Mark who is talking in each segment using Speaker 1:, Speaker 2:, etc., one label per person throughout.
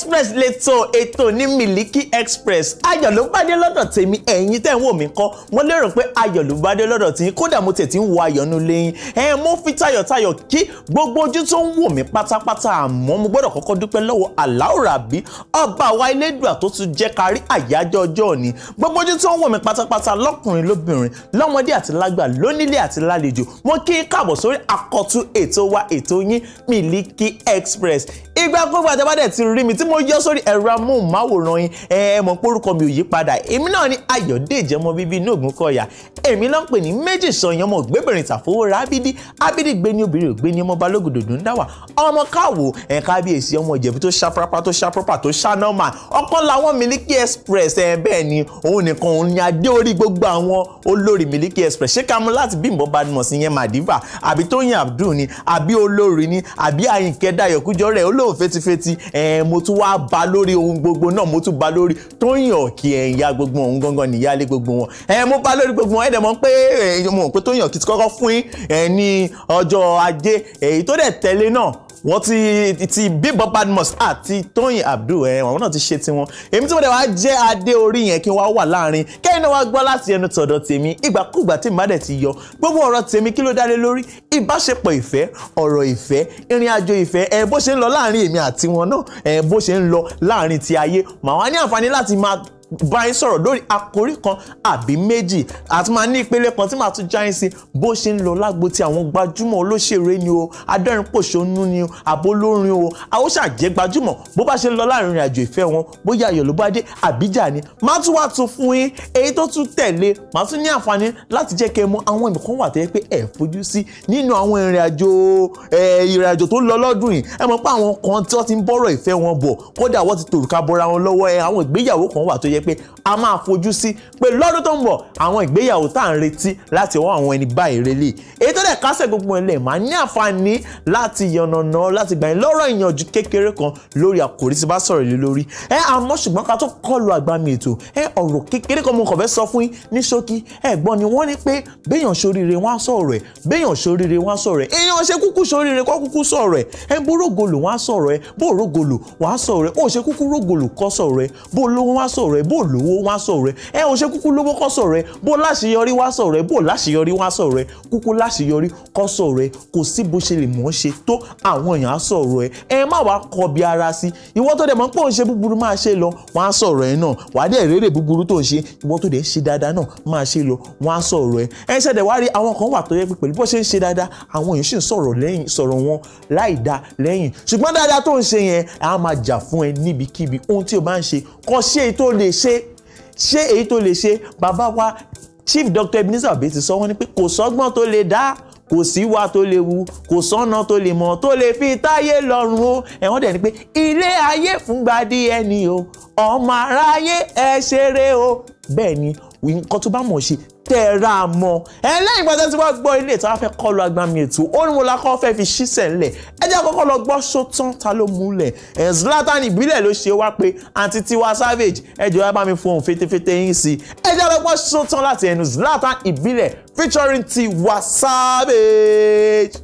Speaker 1: express lẹ́tọ̀ ètò ní miliki express ayọ̀ ló bá dé lọ́dọ̀ tèmi ẹ̀yin tẹ́ ń wò mí kọ́ wọ́n lérò pé ayọ̀ ló tèmi kódà mo tètè ń wo ayọ̀ nu lẹ́yìn ẹ̀ mo fi tayọ̀tayọ̀ kí gbogbo ojú tó ń wò mí pátápátá àmọ́ mo gbọ́dọ̀ kọ́kọ́ dúpẹ́ lọ́wọ́ aláwòrán àbí ọba àwa elédùà tó tún jẹ́ kárí àyájọ́ ọjọ́ òní gbogbo ojú tó ń wò mí pátápátá lọ́kùnrin lóbìnrin lọ́mọdé àti lágbà lónílé àti lálejò mo kí káàbọ̀ sórí àkọ́tún ètò wa ètò yín miliki express ìgbàkúgbà tẹ́ bá dẹ̀ ti rí mi tí mo yọ sórí ẹ̀rọ amóhùnmáwòrán yín ẹ mọ̀ pé orúkọ mi ò yí padà èmi náà ni Ayọ̀dèjì ọmọ bíbí inú Ògúnkọ̀yà èmi náà ń pè ní méjì sọyìn ọmọ ògbébìnrin tàfowóra ábídí ábídí gbé ní obìnrin ògbé ní ọmọ balógun dòdò ń dáwà ọmọ káwo ẹ̀ kábíyèsí ọmọ ìjẹ̀bú tó ṣàfrapá tó ṣàfrapá tó ṣànàmà ọ̀kan làwọn Miliki Express ẹ̀ bẹ́ẹ̀ ni òun nìkan òun ni adé orí gbogbo àwọn olórí Miliki Express ṣé ká mú láti Bímbọ́ Badmus yẹn madiva àbí Tóyìn Abdul ni àbí olórí ni àbí Àyìnkẹ́ Dayọ̀ Kújọ́rẹ́ olóhùn fetifeti ẹ̀ mo tún wá ba lórí ohun gbogbo náà mo tún ba lórí Tóyìn Ọ̀kì ẹ̀yà gbogbo ohun gangan nìyálé gbogbo wọn ẹ mo ba lórí gbogbo wọn ẹ dẹ̀ mọ̀ pé ẹ mo mọ̀ pé Tóyìn Ọ̀kì ti kọ́kọ́ fún ẹ ní ọjọ́ ajé èyí tó dẹ̀ tẹ̀lé náà wọ́n ti ti Bímbọ́ Badmus àti Tóyìn Abdul ẹ̀ àwọn náà ti ṣe tiwọn èmi tí mo dẹ̀ wá jẹ́ adé orí yẹn kí n wá wà láàrin kẹ́yìn náà wá gbọ́ láti ẹnu tọ̀dọ̀ tèmi ìgbàkúgbà tí màá dẹ̀ ti yọ gbogbo ọ̀rọ̀ tèmi kí ló dá lé lórí ìbáṣepọ̀ ìfẹ́ ọ̀rọ̀ ìfẹ́ ìrìn àjò ìfẹ́ ẹ̀ bó ṣe ń lọ láàrin èmi àti wọn náà ẹ̀ bó ṣe ń lọ láàrin ti ayé màá wá ní àǹfààní láti máa bá yín sọ̀rọ̀ lórí àkórí kan àbí méjì àti máa ní ìpele kan tí màá tún já yín sí bó ṣe ń lọ lágbo ti àwọn gbajúmọ̀ olóṣèré ni o adẹ́rìnpòṣónú ni o àbólórin o àwòṣà jẹ́ gbajúmọ̀ bó bá ṣe ń lọ láàrin àjò ìfẹ́ wọn bóyá ayọ̀ àbíjà ni má tún wá tún fún yín èyí tó tún tẹ̀lé má tún ní àǹfààní láti jẹ́ kẹ́ mọ àwọn ìbùkún wà tẹ́ pé ẹ̀ fojú sí nínú àwọn ìrìn àjò ìrìn àjò tó lọ lọ́dún yìí ẹ jẹ́ pé a máa fojú sí pé lọ́dún tó ń bọ̀ àwọn ìgbéyàwó tá à ń retí láti ọwọ́ àwọn ẹni báyìí relé èyí tó dẹ̀ kásẹ̀ gbogbo ẹ̀ lẹ̀ máa ní àǹfààní láti yànnàná láti gbà yín lọ́rọ̀ ìyànjú kékeré kan lórí àkòrí tí bá sọ̀rọ̀ lé lórí ẹ àmọ́ ṣùgbọ́n ká tó kọlu àgbàmì ètò ẹ ọ̀rọ̀ kékeré kan mo kàn fẹ́ sọ fún yín ní ṣókí ẹ gbọ́n ni wọ́n ní pé béèyàn ṣoríire wọ́n á sọ̀rọ̀ ẹ̀ béèyàn ṣoríire wọ́n á sọ̀rọ̀ ẹ̀ èèyàn ṣe kúkú ṣoríire kọ́ kúkú sọ̀rọ̀ ẹ̀ ẹ bó rógolò wọ́n á sọ̀rọ̀ ẹ̀ bó rógolò wọ́n á sọ̀rọ̀ ẹ̀ ó ṣe kúkú rógolò kọ́ sọ̀rọ̀ ẹ̀ bó lówó wọ́n á sọ̀rọ̀ ẹ̀ bó lówó wá sọ̀rọ̀ ẹ ẹ ò ṣe kúkú lówó kọ́ sọ̀rọ̀ ẹ bó láṣeyọrí wá sọ̀rọ̀ ẹ bó láṣeyọrí wá sọ̀rọ̀ ẹ kúkú láṣeyọrí kọ́ sọ̀rọ̀ ẹ kò sí bó ṣe lè mọ̀ ọ́ ṣe tó àwọn èèyàn á sọ̀rọ̀ ẹ ẹ má wàá kọ bí ara sí ìwọ tó dẹ̀ mọ̀ pé òun ṣe búburú máa ṣe lọ wọ́n á sọ̀rọ̀ ẹ náà wàá dẹ̀ rérè búburú tó ń ṣe ìwọ tó dẹ̀ ṣe dáadáa náà máa ṣe lọ wọ́n á sọ̀rọ̀ ẹ ẹ ṣẹ̀dẹ̀ wá rí àwọn kan wà tó yẹ pé bó ṣe ń ṣe dáadáa àwọn èèyàn sì ń sọ̀rọ̀ lẹ́yìn sọ̀rọ̀ wọn láì dá lẹ́yìn ṣùgbọ́n dáadáa tó ń ṣe yẹn á máa jà fún ẹ níbikíbi ohun tí o bá ń ṣe kọ́ ṣe èyí tó lè ṣe ṣé èyí tó lè ṣe bàbá wa chief doctor Ebenezer Obey ti sọ wọ́n ní pé kò sọ́gbọ́n tó lè dá kò sí wa tó lè wu kò sọ́nà tó lè mọ̀ tó lè fi táyé lọ́rùn o ẹ̀wọ̀n dẹ̀ ni pé ilé ayé fúngbà díẹ̀ ni o ọmọ aráyé ẹ ṣeré o bẹ́ẹ̀ ni nǹkan tó bá mọ̀ ṣe tẹ́ra mọ́ ẹ lẹ́yìn ìgbà tí wọ́n gbọ́ ilé ìtawọ́ fẹ́ kọ́ lu agbami ètò ó ní mo la kọ́ fẹ́ fi ṣíṣẹ̀ ńlẹ̀ ẹ jẹ́ kọ́kọ́ lọ gbọ́ sótán ta ló múlẹ̀ ẹ̀ Zlatan ìbílẹ̀ ló ṣe wá pé àǹtí Tiwa Savage ẹ jọ ẹ bá mi fohùn fetefete yín sí ẹ jẹ́ lọ gbọ́ sótán láti ẹnu Zlatan ìbílẹ̀ featuring Tiwa Savage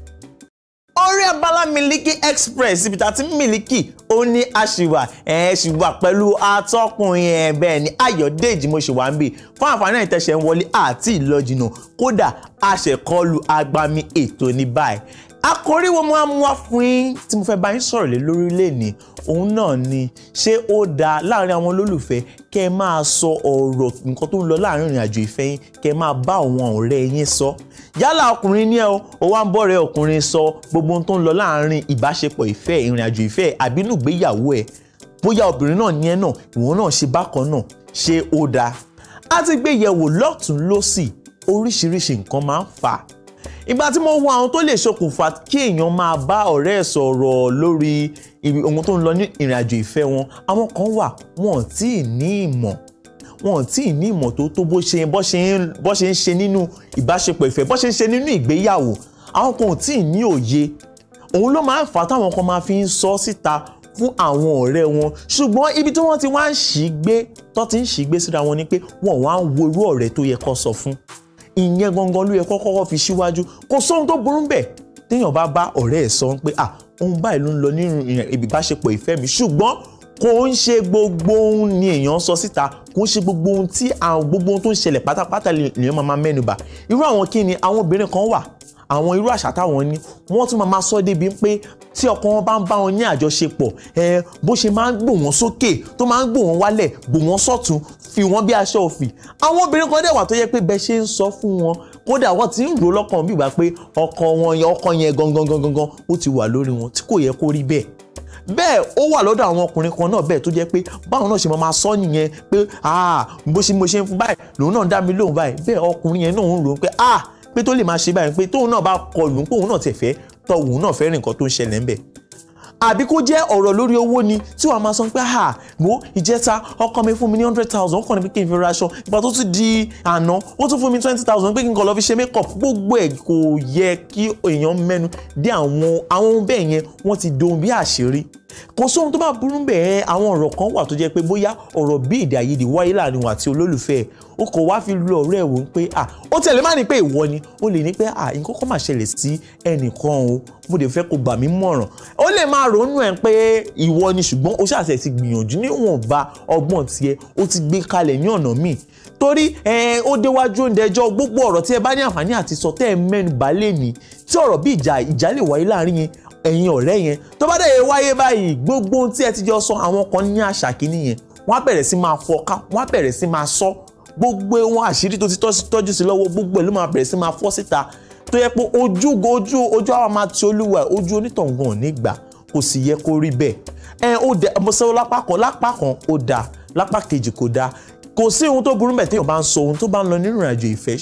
Speaker 1: orí abala miliki express ibi tá a ti miliki ó ní àṣìwà ẹ ṣìwà pẹ̀lú atọ́kùn yẹn bẹ́ẹ̀ ni ayọ̀dèjì mo ṣe wà ń bì fún àǹfààní ìtẹ̀sẹ̀ ń wọlé àti ìlọjìnà kódà àṣẹkọlù agbami ètò ní báyìí àkòrí wo mo á mú wá fún yín tí mo fẹ́ bá yín sọ̀rọ̀ lé lórí lẹ́ni òun náà ni ṣé ó dáa láàrin àwọn olólùfẹ́ kẹ́ ẹ máa sọ ọ̀rọ̀ nǹkan tó ń lọ láàrin ìrìn àjò ìfẹ́ yín kẹ́ ẹ máa bá àwọn ọ̀rẹ́ yín sọ yálà ọkùnrin ní ẹ o ó wá ń bọ̀ rẹ ọkùnrin sọ gbogbo ohun tó ń lọ láàrin ìbáṣepọ̀ ìfẹ́ ìrìn àjò ìfẹ́ àbínú ìgbéyàwó ẹ bóyá obìnrin náà ní ẹ náà ìwọ náà ṣe bákan náà ṣé ó dáa a ti gbé yẹ̀wò lọ́tùn lósì oríṣiríṣi nǹkan máa ń fà ìgbà tí mo wo àwọn tó lè ṣokùnfà kí èèyàn máa bá ọ̀rẹ́ ẹ̀ sọ̀rọ̀ lórí ohun tó ń lọ ní ìrìn àjò ìfẹ́ wọn àwọn kan wà wọn ò tí ì ní ìmọ̀ wọn ò tí ì ní ìmọ̀ tó tó bó ṣe bó ṣe ń ṣe nínú ìbáṣepọ̀ ìfẹ́ bó ṣe ń ṣe nínú ìgbéyàwó àwọn kan ò tí ì ní òye òun ló máa ń fà á táwọn kan máa fi ń sọ síta fún àwọn ọ̀rẹ́ wọn ṣùgbọ́n ibi tí wọ́n ti wá ń ṣì gbé tó ti ń ṣì gbé síra wọn ni pé wọ́n wá ń wo ọ̀rẹ́ tó yẹ kó sọ fún ìyẹn gangan ló yẹ kọ́kọ́rọ́ fi síwájú kò sóhun tó burú bẹ̀ téèyàn bá bá ọ̀rẹ́ ẹ̀ sọ pé à ohun báyìí ló ń lọ nínú ìbáṣepọ̀ ìfẹ́ mi ṣùgbọ́n kò ń ṣe gbogbo ohun ni èèyàn sọ síta kò ń ṣe gbogbo ohun tí àwọn gbogbo ohun tó ń ṣẹlẹ̀ pátápátá lèèyàn máa máa mẹ́nuba irú àwọn kí ni àwọn obìnrin kan wà àwọn irú àṣà táwọn ní wọ́n tún máa máa sọ débi pé tí ọkọ wọn bá ń bá wọn ní àjọṣepọ̀ ẹ bó ṣe máa ń gbò wọ́n sókè tó máa ń gbò wọ́n wálẹ̀ gbò wọ́n sọ̀tún fi wọ́n bí aṣọ òfì àwọn obìnrin kan dẹ̀ wà tó yẹ pé bẹ́ẹ̀ ṣe ń sọ fún wọn kódà wọ́n ti ń rò lọ́kàn bí ìgbà pé ọkọ wọn yẹn ọkọ yẹn gangan gangan gangan ó ti wà lórí wọn tí kò yẹ kó rí bẹ́ẹ̀ bẹ́ẹ̀ ó wà lọ́dọ̀ àwọn ọkùnrin kan náà bẹ́ẹ̀ tó jẹ́ pé báwọn náà ṣe máa sọ nìyẹn pé bó ṣe mo ṣe ń fún báyìí lòun náà dá mi lóhùn báyìí bẹ́ẹ̀ ọkùnrin yẹn náà ń rò pé pé tó lè máa ṣe báyìí pé tóun náà bá kọlù póun náà tẹ̀ fẹ́ tọ̀hún náà fẹ́ nǹkan tó ń ṣẹlẹ̀ ńbẹ̀ àbí kó jẹ́ ọ̀rọ̀ lórí owó ni tí wàá máa sọ pé ha wo ìjẹta ọkọ mi fún mi ní hundred thousand ọkọ mi pé kí n fi ra aṣọ ìgbà tó tún di àná ó tún fún mi twenty thousand pé kí n kàn lọ fi ṣe makeup gbogbo ẹ̀ kò yẹ kí èèyàn mẹ́nu dé àwọn àwọn ohun bẹ́ẹ̀ yẹn wọ́n ti dohun bí àṣírí kò sóhun tó bá burú bẹ́ẹ̀ àwọn ọ̀rọ̀ kan wà tó jẹ́ pé bóyá ọ̀rọ̀ bí èdè àìyedè wáyé láàrin wọn àti olólùfẹ́ ẹ̀ o kò wá fi lu ọ̀rẹ́ ẹ̀ wò pé à ó tẹ̀lé má ní pé ìwọ ni o lè ní pé à nǹkan kan máa ṣẹlẹ̀ sí ẹnìkan o mo dẹ̀ fẹ́ kó gbà mí mọ̀ràn ó lè máa ronú ẹ̀ pé ìwọ ni ṣùgbọ́n o ṣàṣẹ̀ ti gbìyànjú níwọ̀nba ọgbọ́n tiẹ̀ o ti gbé kalẹ̀ ní ọ̀nà míì torí ó déwájú oúnjẹ ẹjọ́ gbogbo ọ̀rọ̀ tí ẹ bá ní àǹfààní àti sọ ẹ mẹ́nu bà lé mi tí ọ̀rọ̀ bí ìjà ìjà lè wáyé láàrin yẹn ẹ̀yin ọ̀rẹ́ yẹn tó bá dẹ̀ yẹ wáyé báyìí gbogbo ohun tí ẹ ti jọ sọ àwọn kan ní àṣà kìíní yẹn wọ́n á bẹ̀rẹ̀ sí máa fọ́ká wọ́n á bẹ̀rẹ̀ sí máa sọ gbogbo wọn àṣírí tó ti tọ́jú sí lọ́wọ́ gbogbo ẹ̀ ló máa bẹ̀rẹ̀ sí máa fọ́ síta tó yẹ pé ojú ojú ojú àwọn máa ti olúwa ojú onítọ̀ngàn nígbà kò sì yẹ kó rí bẹ́ẹ̀ ẹ ó dẹ mo sọ lápá kan lápá kan ó dáa lápá kejì kò dáa kò sí ohun tó burú mẹ́ tí èèyàn bá ń sọ ohun tó bá ń lọ nínú ìrìnàjò ìfẹ́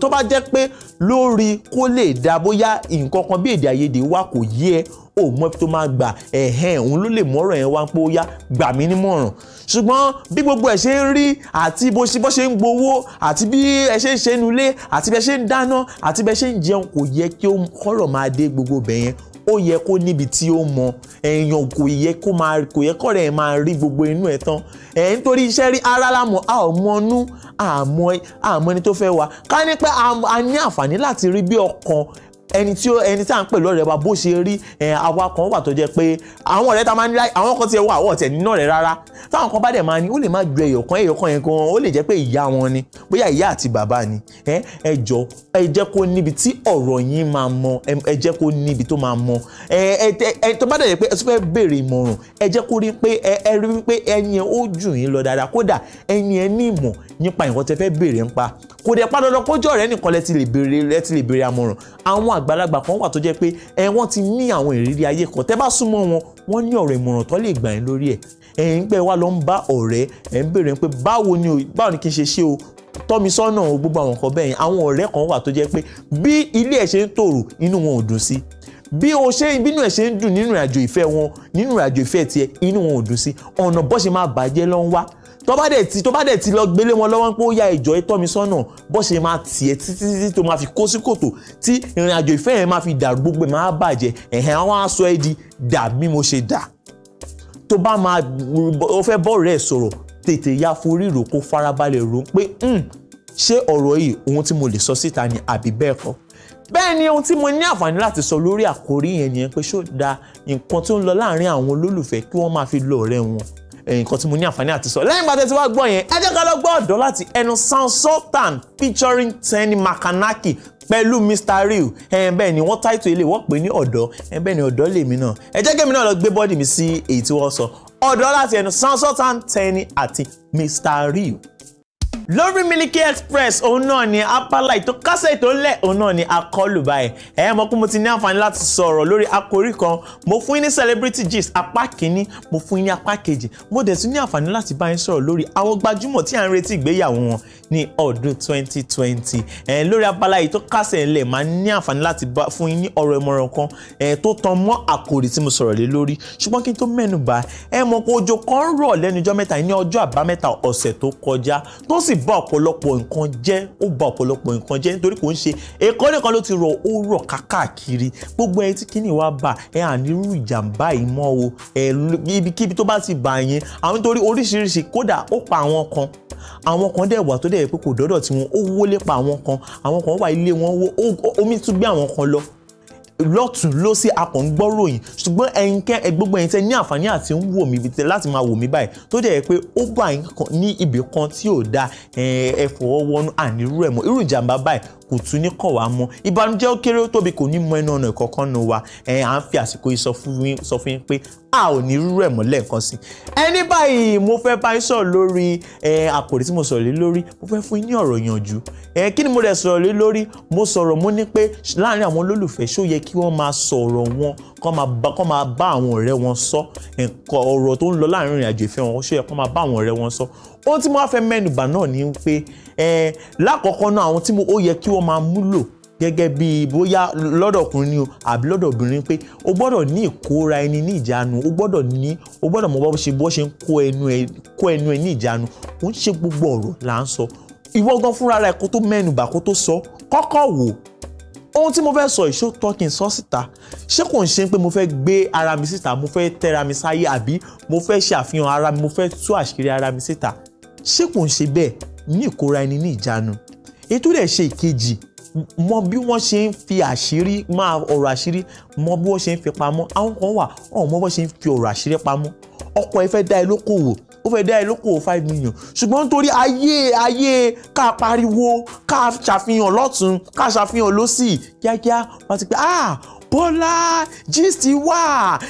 Speaker 1: tó bá jẹ́ pé lórí kó lè dá bóyá nǹkan kan bí èdè àìyedè wà kò yé ẹ ò mọ ibi tó máa gbà ẹ̀hẹ́n òun ló lè mọ́rọ̀ yẹn wá pé ó yá gbà mí nímọ̀ràn ṣùgbọ́n bí gbogbo ẹ̀ ṣe ń rí àti bó ṣe bó ṣe ń gbowó àti bí ẹ ṣe ń ṣe nulẹ̀ àti bí ẹ ṣe ń dáná àti bí ẹ ṣe ń jẹun kò yẹ kí ó kọ́rọ̀ máa dé gbogbo bẹ̀yẹn ó yẹ kó níbi tí ó mọ èèyàn kò yẹ kó máa kò yẹ kọ́rẹ́ ẹ̀ máa rí gbogbo inú ẹ̀ tán ẹ̀ nítorí iṣẹ́ rí ara lámọ̀ a ò mọnú àmọ́ àmọ́ ẹni tó fẹ́ wá ká ní a ní àǹfààní láti rí bí ọkàn ẹni tí ó ẹni tí à ń pè lọ́rẹ̀ẹ́ wa bó ṣe rí àwa kan wà tó jẹ́ pé àwọn ọ̀rẹ́ ta máa ní láì àwọn kan ti wà àwọ̀ tẹ̀ nínú ọ̀rẹ́ rárá táwọn kan bá dẹ̀ máa ní ó lè má ju ẹyọ̀kan ẹyọ̀kan yẹn gan ó lè jẹ́ pé ìyá wọn ni bóyá ìyá àti bàbá ni ẹ jọ ẹ jẹ́ kó níbi tí ọ̀rọ̀ yín máa mọ ẹ jẹ́ kó níbi tó máa mọ ẹ tó bá dẹ̀ jẹ́ pé ẹ ìmọ̀ràn ẹ jẹ́ kó rí pé ẹ rí pé ẹni yẹn ó jù yín lọ dáadáa kódà ẹni yẹn ní ìmọ̀ nípa nǹkan tẹ fẹ́ béèrè ńpa kò dẹ̀ pa dandan kó jọ̀rẹ́ nìkan lẹ ti lè béèrè lẹ ti lè béèrè àmọ̀ràn àwọn àgbàlagbà kan wà tó jẹ́ pé ẹ wọ́n ti ní àwọn ìrírí ayé kan tẹ́ bá súnmọ́ wọn wọ́n ní ọ̀rọ̀ ìmọ̀ràn tó lè gbà yín lórí ẹ̀ ẹ̀yin pé wá lọ ń bá ọ̀rẹ́ ẹ̀ ń béèrè pé báwo ni báwo ni kí n ṣe ṣe o tọ́ mi sọ́nà o gbogbo àwọn nǹkan bẹ́ẹ̀ yẹn àwọn ọ̀rẹ́ kan wà tó jẹ́ pé bí ilé ẹ̀ ṣe ń tòrò inú wọn ò dùn sí bí o ṣe bínú ẹ̀ ṣe ń dùn nínú ìrìnàjò ìfẹ́ wọn nínú ìrìnàjò ìfẹ́ tiẹ̀ inú wọn ò dùn sí ọ̀nà bó ṣe máa bàjẹ́ ló wá tó bá dẹ̀ ti tó bá dẹ̀ ti lọ gbélé wọn lọ́wọ́ pé ó ya ìjọ ìtọ́ mi sọ́nà bó ṣe máa tiẹ̀ títí títí tó máa fi kó sí kòtò tí ìrìn àjò ìfẹ́ yẹn máa fi dàrú gbogbo ẹ̀ máa bàjẹ́ ẹ̀hẹ̀n àwọn aṣọ ẹ̀ di dà bí mo ṣe dà tó bá máa ó fẹ́ bọ́ rẹ̀ sọ̀rọ̀ tètè ya forí rò kó farabalẹ̀ rò pé hmm, ṣé ọ̀rọ̀ yìí ohun tí mo lè sọ síta ni àbí bẹ́ẹ̀ kọ́ bẹ́ẹ̀ ni ohun tí mo ní àǹfààní láti sọ lórí àkórí yẹn nìyẹn pé ṣó da nǹkan tó ń lọ láàárín àwọn olólùfẹ́ kí wọ́n máa fi lọ ọ̀rẹ́ wọn Eh, nǹkan tí mo ní àǹfààní àti sọ lẹ́yìn gbàtẹ́ tí wàá gbọ́ yẹn ẹ jẹ́ ká lọ gbọ́ ọ̀dọ́ láti ẹnu Sound Sultan featuring Tenny Makanaki pẹ̀lú Mr Real ẹ̀ẹ́n eh, bẹ́ẹ̀ ni wọ́n táìtò ilé wọ́n pè ní ọ̀dọ́ ẹ̀ẹ́n eh, bẹ́ẹ̀ ni ọ̀dọ́ lèmi náà ẹ jẹ́ kémi náà lọ gbé bọ́ọ̀dì mi sí èyí tí wọ́n sọ ọ̀dọ́ láti ẹnu Sound Sultan Tenny àti Mr Real lórí Miliki Express òun náà ni apala ìtòkásẹ̀ ìtòlẹ̀ òun náà ni akọlù báyìí ẹ mọ̀ pé mo ti ní àǹfààní láti sọ̀rọ̀ lórí àkòrí kan mo fún yín ní celebrity gist apá kìíní mo fún yín ní apá kejì mo dẹ̀ tún ní àǹfààní láti bá yín sọ̀rọ̀ lórí àwọn gbajúmọ̀ tí à ń retí ìgbéyàwó wọn ní ọdún 2020 ẹ lórí apala ìtòkásẹ̀ ńlẹ̀ máa ní àǹfààní láti fún yín ní ọ̀rọ̀ ìmọ̀ràn kan ẹ tó tan mọ́ àkòrí tí mo sọ̀rọ̀ lé lórí ṣùgbọ́n kí n tó mẹ́nu bà ẹ mọ̀ pé òjò kan rọ̀ lẹ́nujọ́ mẹ́ta ní ọjọ́ àbámẹ́ta ọ̀sẹ̀ tó kọjá tó sì sì bà ọ̀pọ̀lọpọ̀ nǹkan jẹ́ ó bà ọ̀pọ̀lọpọ̀ nǹkan jẹ́ nítorí kò ń ṣe èkó nìkan ló ti rọ̀ ó rọ̀ kákàkiri gbogbo ẹ tí kíni wá bà ẹ ànírú ìjàmbá yìí mọ́ o ẹ ibikíbi tó bá ti bà yẹn àwọn nítorí oríṣiríṣi kódà ó pa àwọn kan àwọn kan dẹ̀ wà tó dẹ̀ pé kò dọ́dọ̀ tí wọn ó wọlé pa àwọn kan àwọn kan wà ilé wọn wó omi tún gbé àwọn kan lọ lọ́tún lọ́sí akọ̀ ń gbọ́ ròyìn ṣùgbọ́n ẹnikẹ́ gbogbo ẹ̀yin tẹ́ ní àǹfààní àti ń wò mí tẹ́ láti máa wò mí báyìí tó jẹ́ pé ó bá ní ibì kan tí ò da ẹ wọnú ànírú ẹ̀ mọ́ irú ìjàmbá báyìí kò tún ní kàn wá mọ́ ìbànújẹ́ ó kéré tóbi kò ní mọ ẹnu ọ̀nà ìkọ̀kan nù wa à ń fi àsìkò yìí pé a ò ní rú ẹ̀ mọ́ lẹ́ẹ̀kan sí. ẹni báyìí mo fẹ́ bá yín sọ̀rọ̀ lórí àkòrí tí mo sọ̀rọ̀ lé lórí mo fẹ́ fún yín ní ọ̀rọ̀ yanjú. kí ni mo rẹ̀ sọ̀rọ̀ lé lórí mo sọ̀rọ̀ mo ní pé láàrin àwọn olólùfẹ́ ṣó yẹ kí wọ́n máa sọ̀rọ̀ wọn kọ́ máa bá àwọn ọ̀rẹ́ wọn sọ nǹkan ọ̀rọ̀ tó ń lọ láàrin ìrìn àjò ìfẹ́ wọn ṣó yẹ kọ́ máa bá àwọn ọ̀rẹ́ wọn sọ ohun tí mo wá fẹ́ mẹ́nubà náà ni pé lákọ̀ọ́kọ́ náà àwọn tí ó yẹ kí wọ́n máa múlò gẹ́gẹ́ bí bóyá lọ́dọ̀ ọkùnrin ni o àbí lọ́dọ̀ obìnrin pé o gbọ́dọ̀ ní ìkóra ẹni ní ìjánu o gbọ́dọ̀ ní o gbọ́dọ̀ mọ bó ṣe bó ṣe ń kó ẹnu ẹ kó ẹnu ẹ ní ìjánu kò ń ṣe gbogbo ọ̀rọ̀ là ń sọ ìwọ gan fúnra rẹ kó tó mẹ́nubà kó tó sọ kọ́kọ́ wò ohun tí mo fẹ́ sọ ìṣó tọ́kì sọ síta ṣé kò ń ṣe pé mo fẹ́ gbé ara mi síta mo fẹ́ tẹ́ra mi sáyé àbí mo fẹ́ ṣe àfihàn ara mi mo fẹ́ tú àṣírí ara mi síta ṣé kò ń ṣe bẹ́ẹ̀ ní ìkóra ẹni ní ìjánu ètò rẹ̀ ṣe ìkejì mọ bí wọ́n ṣe ń fi àṣírí máa ọ̀rọ̀ àṣírí mọ bí wọ́n ṣe ń fi pamọ́ àwọn kan wà ọ̀hún mọ bí wọ́n ṣe ń fi ọ̀rọ̀ àṣírí pamọ́ ọkọ ẹ fẹ́ dá ẹ lókòwò ó fẹ́ dá ẹ lókòwò five million ṣùgbọ́n nítorí ayé ayé ká pariwo ká ṣàfihàn lọ́tún ká ṣàfihàn lọ́sì kíákíá wọ́n ti pé ah Bọ́lá gist wà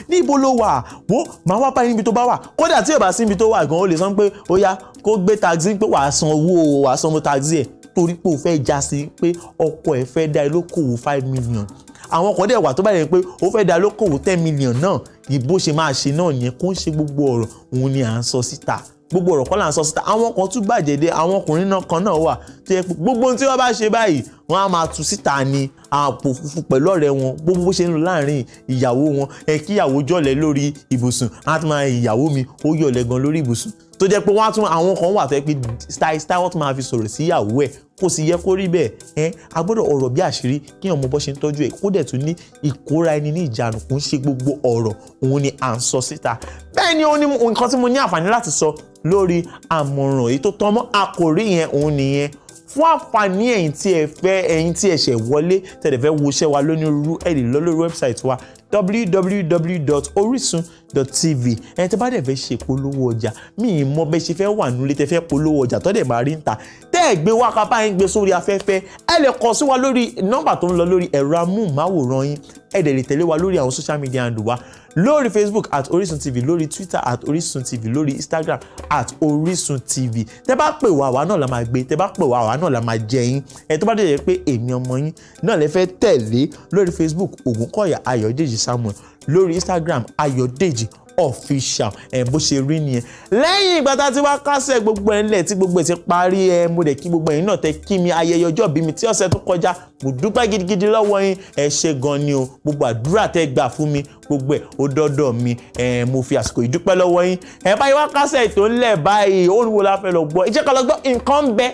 Speaker 1: níbo ló wà wo màá wá báyìí níbi tó bá wà kódà tí ò bá sí níbi tó wà gan ó lè sọ pé ó yá kó gbé taxi pé wàá san owó wàá san owó taxi ẹ̀ torí pé o fẹ́ já sí pé ọkọ ẹ̀ fẹ́ dá ilókòwò five million àwọn kan dẹ̀ wà tó bá pé ó fẹ́ dá ilókòwò ten million náà ìbò ṣe máa ṣe náà yẹn kó ń ṣe gbogbo ọ̀rọ̀ òun ni à ń sọ síta gbogbo ọ̀rọ̀ kọ́ là ń sọ síta àwọn kan tún bàjẹ́ dé àwọn ọkùnrin náà kan náà wà tó yẹ pé gbogbo ohun tí wọ́n bá ṣe báyìí wọ́n á máa tú síta ni àpò funfun pẹ̀lú ọ̀rẹ́ wọn gbogbo bó ṣe ń lọ láàrin ìyàwó wọn ẹ kí ìyàwó jọ̀lẹ̀ lórí ibùsùn àti máa ìyàwó mi ó yọ̀lẹ̀ gan lórí ibùsùn tó jẹ́ pé wọ́n á tún àwọn kan wà tó yẹ pé style style wọ́n tún máa fi sọ̀rọ̀ sí ìyàwó ẹ̀ kò sì yẹ kó rí bẹ́ẹ̀ ẹ́ a gbọ́dọ̀ ọ̀rọ̀ bí àṣírí kí ọmọ bọ́ ṣe ń tọ́jú ẹ̀ kó dẹ̀ tún ní ìkóra ẹni ní ìjánu kò ń ṣe gbogbo ọ̀rọ̀ òun ni à ń sọ síta eléyìí ni ó ní nǹkan tí mo ní àǹfààní láti sọ lórí àmọ̀ràn èyí tó tán mọ́ àkòrí yẹn òun nìyẹn fún àǹfààní ẹ̀yin tí ẹ fẹ́ ẹ̀yin tí ẹ ṣẹ̀ wọlé tẹ̀lé fẹ́ wo iṣẹ́ wa lónírúurú ẹ̀ lè lọ lórí wẹ́bsáìtì wa www.orisun.com tv ẹni tẹ́ bá dẹ̀ fẹ́ ṣe polówó ọjà mi ì mọ bẹ́ẹ̀ ṣe fẹ́ wà nílé tẹ́ fẹ́ polówó ọjà tó dẹ̀ máa rí ń ta tẹ́ ẹ̀ gbé wá kápá yín gbé sórí afẹ́fẹ́ ẹ lè kàn sí wa lórí nọ́mbà tó ń lọ lórí ẹ̀rọ amóhùnmáwòrán yín ẹ dẹ̀ lè tẹ̀lé wa lórí àwọn social media and wa lórí facebook at orisun tv lórí twitter at orisun tv lórí instagram at orisun tv tẹ́ bá pè wá àwa náà la máa gbé tẹ́ bá pè wá àwa náà la máa jẹ yín ẹ tó bá dẹ̀ yẹ pé èmi ọmọ yín náà lè fẹ́ tẹ̀lé lórí facebook ògúnkọ̀yà ayọ̀dèjì samuel lórí Instagram ayodeji official ẹ bó ṣe rí nìyẹn lẹ́yìn ìgbà tá a ti wá kásẹ̀ gbogbo ẹ̀ ńlẹ̀ tí gbogbo ẹ̀ ti parí ẹ mo dẹ̀ kí gbogbo ẹ̀yin náà tẹ kí mi ayẹyẹ ọjọ́ bí mi tí ọ̀sẹ̀ tó kọjá mo dúpẹ́ gidigidi lọ́wọ́ yín ẹ ṣe gan ni o gbogbo àdúrà tẹ gbà fún mi gbogbo ẹ̀ ó dọ́dọ̀ mi ẹ mo fi àsìkò ìdúpẹ́ lọ́wọ́ yín ẹ báyìí wá kásẹ̀ ètò ńlẹ̀ báyìí ó ń wo la lọ gbọ́ ìjẹ́kọ̀ nǹkan ń bẹ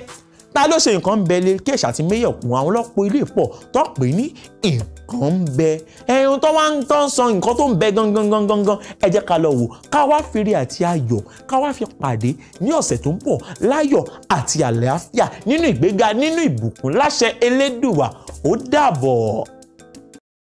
Speaker 1: ta ló ṣe nǹkan ń bẹ lé kéèṣì àti méyọ̀kùn àwọn ọlọ́pọ̀ ilé pọ̀ tó pè ní nǹkan ń bẹ ẹ̀hún tó wá ń tán sọ nǹkan tó ń bẹ gangan gangan gan ẹ jẹ́ ká lọ wò ká wá fi ire àti ayọ̀ ká wá fi pàdé ní ọ̀sẹ̀ tó ń bọ̀ láyọ̀ àti àlàáfíà nínú ìgbéga nínú ìbùkún láṣẹ elédùwà ó dàbọ̀.